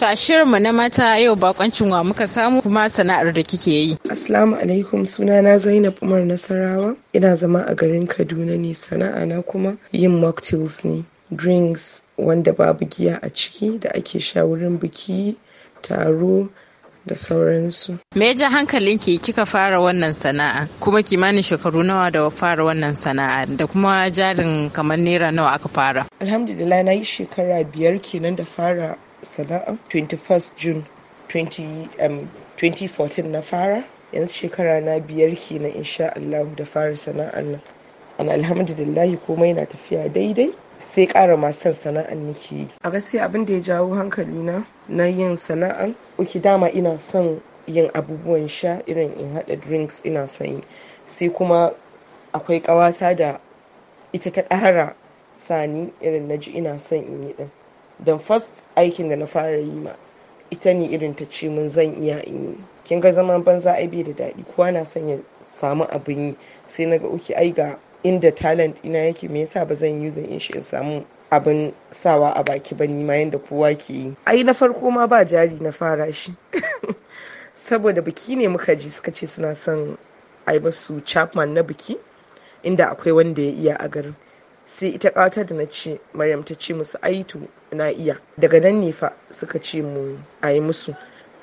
To mu na mata yau bakoncin wa muka samu kuma sana'ar da kike yi. Assalamu alaikum sunana Zainab Umar Nasarawa ina zama a garin Kaduna ne sana'a na kuma yin mocktails ne drinks wanda babu giya a ciki da ake sha wurin biki taro da sauransu. Me ja ki kika fara wannan sana'a kuma kimanin shekaru nawa da fara wannan sana'a da kuma jarin kamar naira nawa aka fara? Alhamdulillah na yi shekara biyar kenan da fara sana'a um, 21st june 20, um, 2014 na fara yanzu shekara na biyar kenan insha allahu da fara sana'ar nan an alhamdulillahi komai na tafiya daidai sai ƙara masan sana'an nake yi a gaskiya abin da ya jawo hankali na na yin sana'an uki dama ina son yin abubuwan sha irin in haɗa drinks ina son yi sai kuma akwai ƙawata da ita ta ƙara sani irin na ji ina son in yi ɗin dan first aikin da na fara yi ma ita ne irin ta ce mun zan iya in yi kin ga zaman banza ai bai da daɗi kowa na son ya samu abin yi sai na ga uki ai ga inda talent ina yake me yasa ba zan yi zan in shi in samu abin sawa a baki ba ma yadda kowa ke yi ai na farko ma ba jari na fara shi saboda biki ne muka ji suka ce suna son ai basu chapman na biki inda akwai wanda ya iya a garin sai ita kata da na ce maryam ta ce musu aitu na iya daga nan ne fa suka ce mu a yi musu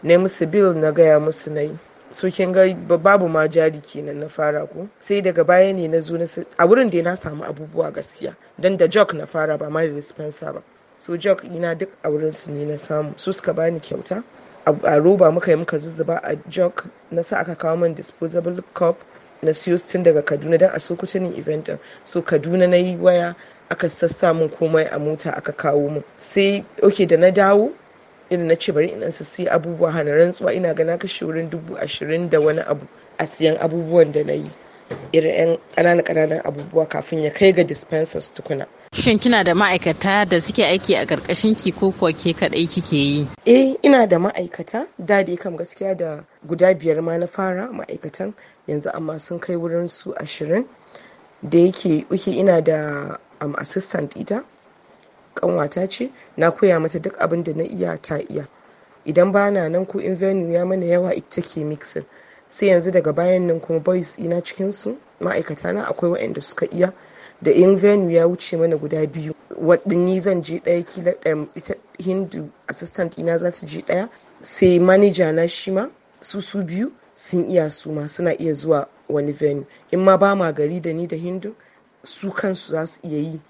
na musu bil na gaya musu na yi so kin ga babu ma jari kenan na fara ko sai daga baya ne na zo a wurin da na samu abubuwa gaskiya don da jug na fara ba ma da dispenser ba so jock ina duk a wurin su ne na samu su suka bani kyauta a roba muka yi muka zuzzuba a jug na sa aka kawo min disposable cup na siyo tun daga kaduna don a so kuce ni eventin so kaduna na yi waya aka sassa min komai a mota aka kawo min sai oke da na dawo ina na ce bari in ansa sai abubuwa hana rantsuwa ina ga na kashe wurin dubu ashirin da wani abu a siyan abubuwan da na yi irin 'yan ƙananan ƙananan abubuwa kafin ya kai ga dispensers tukuna. Shin kina da ma'aikata da suke aiki a ƙarƙashin ki ko kuwa ke kaɗai kike yi? Eh ina da ma'aikata da dai kam gaskiya da guda biyar ma na fara ma'aikatan yanzu amma sun kai wurin su ashirin da yake uke ina da um, assistant ita kanwata ce na koya mata duk abin da na iya ta iya idan bana nan ko in venue ya mana yawa ita ke mixing sai yanzu daga bayan nan kuma boys ina cikinsu ma'aikata na akwai waɗanda suka iya da in venue ya wuce mana guda biyu waɗanni zan je ɗaya kila ita hindu assistant ina za ta je ɗaya sai manager na shi ma su su biyu sun iya su ma suna iya zuwa wani venue in ma ba ma gari da ni da hindu su kansu za su iya yi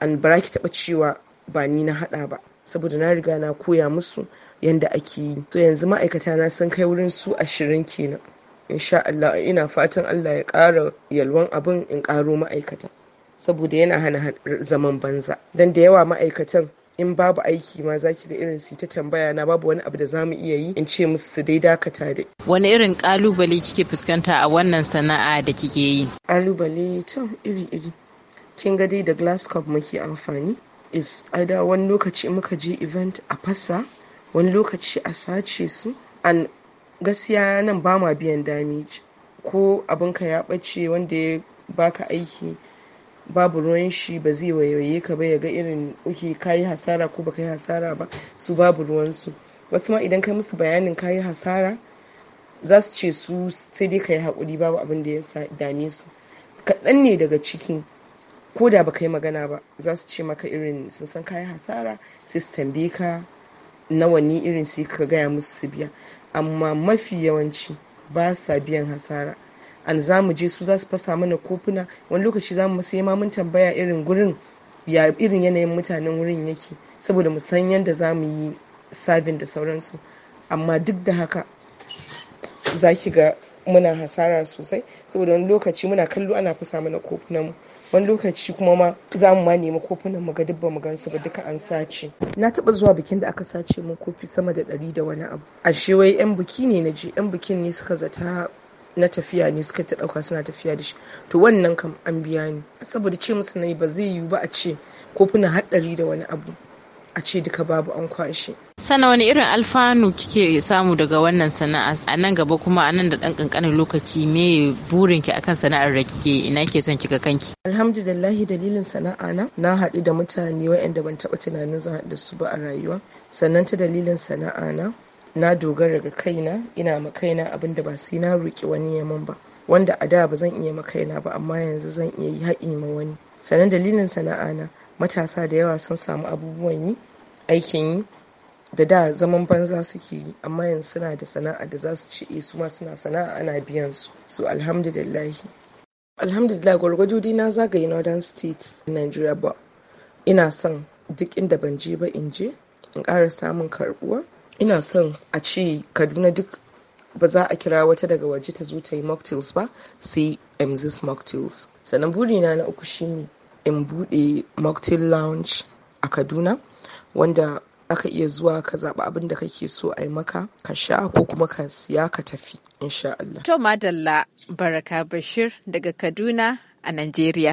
an bara ki taɓa cewa ba ni na haɗa ba saboda na riga na koya musu yanda ake yi to yanzu ma'aikata na sun kai wurin su ashirin kenan insha Allah ina fatan Allah ya ƙara yalwan abin in ƙaro ma'aikata saboda yana hana zaman banza dan da yawa ma'aikatan in babu aiki ma za ki ga irin su ta tambaya na babu wani abu da za mu iya yi in ce musu su dai dakata da Wani irin kalubale kike fuskanta a wannan sana'a da kike yi? Kalubale to iri-iri. Kin ga dai da glass cup muke amfani. Is either wani lokaci muka je event a fasa, wani lokaci a sace su, an gaskiya nan ba ma biyan damiji ko ka ya ɓace wanda ya baka aiki babu ruwan shi ba zai wayoye ka ba ya ga irin uke kayi hasara ko baka yi hasara ba su babu ruwansu wasu ma idan kai musu bayanin kayi hasara za su ce su sai dai ka yi haƙuri babu abin da ya dame su kaɗan ne daga ciki ko da baka yi magana ba za su ce maka irin sun san kayi hasara sai su tambaye ka nawa ni irin sai ka gaya musu su biya amma mafi yawanci ba sa biyan hasara an za mu je su za su fasa mana kofuna wani lokaci za mu sai ma mun tambaya irin gurin ya irin yanayin mutanen wurin yake saboda mu san yadda za mu yi sabin da sauransu amma duk da haka za ki ga muna hasara sosai saboda wani lokaci muna kallo ana fasa mana kofunan mu wani lokaci kuma ma za mu ma nemi kofunan mu ga dubba mu gansu ba duka an sace na taba zuwa bikin da aka sace mun kofi sama da ɗari da wani abu ashe wai yan biki ne na je yan bikin ne suka zata na tafiya ne suka ta ɗauka suna tafiya da shi to wannan kam an biya ni saboda ce musu na yi, ba zai yiwu ba a ce kofuna har ɗari da wani abu a ce duka babu an kwashe. sana wani irin alfanu kike samu daga wannan sana'a a nan gaba kuma a nan da ɗan kankanin lokaci me burin ki akan sana'ar da kike ina ke son kika kanki alhamdulillahi dalilin sana'a na na haɗu da mutane waɗanda ban taɓa tunanin zan haɗu da su ba a rayuwa sannan ta dalilin sana'a na na dogara ga kaina ina ma kaina abin da ba sai na roƙi wani yaman ba wanda a da ba zan iya ma kaina ba amma yanzu zan iya yi haƙi ma wani sannan dalilin sana'a na matasa da yawa sun samu abubuwan yi aikin yi da da zaman banza suke yi amma yanzu suna da sana'a da za su ci eh, su ma suna sana'a ana biyan su so alhamdulillah. alhamdulillah gwargwado dai na zagaye northern states nigeria ba ina son duk inda ban je ba in je in ƙara samun karbuwa ina son a ce kaduna duk ba za a kira wata daga waje ta zo ta yi mocktails ba sai mz's mocktails sannan burina na uku shine in buɗe mocktail lounge a kaduna wanda aka iya zuwa ka zaɓi abin da kake so a yi maka ka sha ko kuma ka siya ka tafi insha Allah. To Madalla Baraka Bashir daga Kaduna a Najeriya.